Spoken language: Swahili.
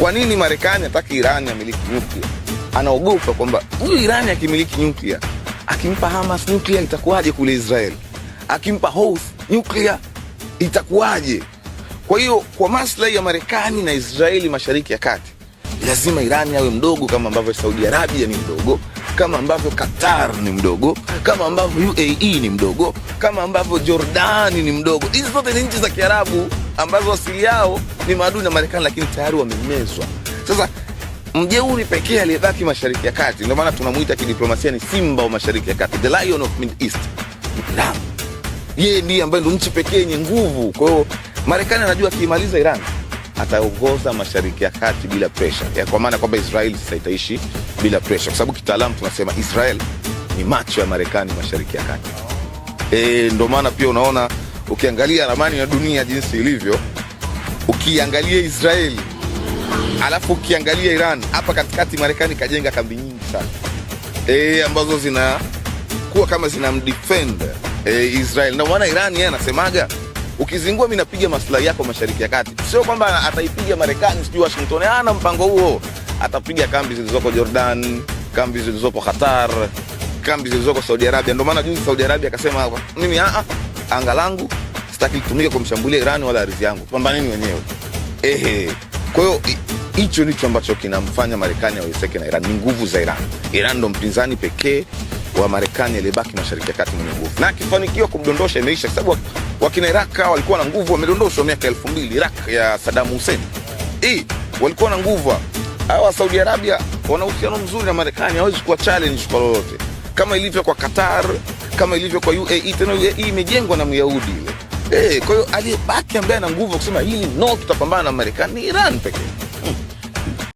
Kwa nini Marekani hataki Irani amiliki nyuklia? Anaogopa kwamba huyu Irani akimiliki nyuklia, akimpa Hamas nyuklia itakuwaje kule israel Akimpa Houthi nyuklia itakuwaje? Kwa hiyo kwa maslahi ya Marekani na Israeli, mashariki ya kati, lazima Irani awe mdogo kama ambavyo Saudi Arabia ni mdogo, kama ambavyo Qatar ni mdogo, kama ambavyo UAE ni mdogo, kama ambavyo Jordani ni mdogo. Hizi zote ni nchi za Kiarabu ambazo asili yao ni maadui na Marekani, lakini tayari wamemezwa. Sasa mjeuri pekee aliyebaki mashariki ya kati, ndio maana tunamuita kidiplomasia ni simba wa mashariki ya kati, the lion of mid east. Naam, yeye ndiye ambaye ndo nchi pekee yenye nguvu. Kwa hiyo Marekani anajua akiimaliza Iran ataongoza mashariki ya kati bila presha, ya kwa maana kwamba Israel sasa itaishi bila presha, kwa sababu kitaalamu tunasema Israel ni macho ya Marekani mashariki ya kati. E, eh, ndo maana pia unaona ukiangalia ramani ya dunia jinsi ilivyo, ukiangalia Israeli alafu ukiangalia Iran, hapa katikati Marekani kajenga kambi nyingi sana e, ambazo zinakuwa kama zinamdefend e, Israel. Ndio maana Iran yeye anasemaga ukizingua mi napiga maslahi yako mashariki ya kati. Sio kwamba ataipiga Marekani sijui Washington, ana mpango huo. Atapiga kambi zilizoko Jordan, kambi zilizoko Qatar, kambi zilizoko Saudi Arabia. Ndio maana juzi Saudi Arabia akasema mimi a, a anga langu, sitaki litumike kumshambulia Iran wala ardhi yangu, pambaneni wenyewe. Ehe, kwa hiyo hicho ndicho ambacho kinamfanya Marekani aweseke na Iran ni nguvu za Iran. Iran ndo mpinzani pekee wa Marekani aliyebaki mashariki ya kati mwenye nguvu, na akifanikiwa kumdondosha imeisha, kwa sababu wakina Iraq walikuwa na nguvu, wamedondoshwa miaka elfu mbili Iraq ya Saddam Hussein. eh, walikuwa na nguvu hawa. Saudi Arabia wana uhusiano mzuri na Marekani, hawezi kuwa challenge kwa lolote, kama ilivyo kwa Qatar kama ilivyo kwa UAE. Tena UAE imejengwa na Myahudi ile Eh, kwa hiyo aliyebaki ambaye ana nguvu kusema hili no, tutapambana na Marekani ni Iran pekee.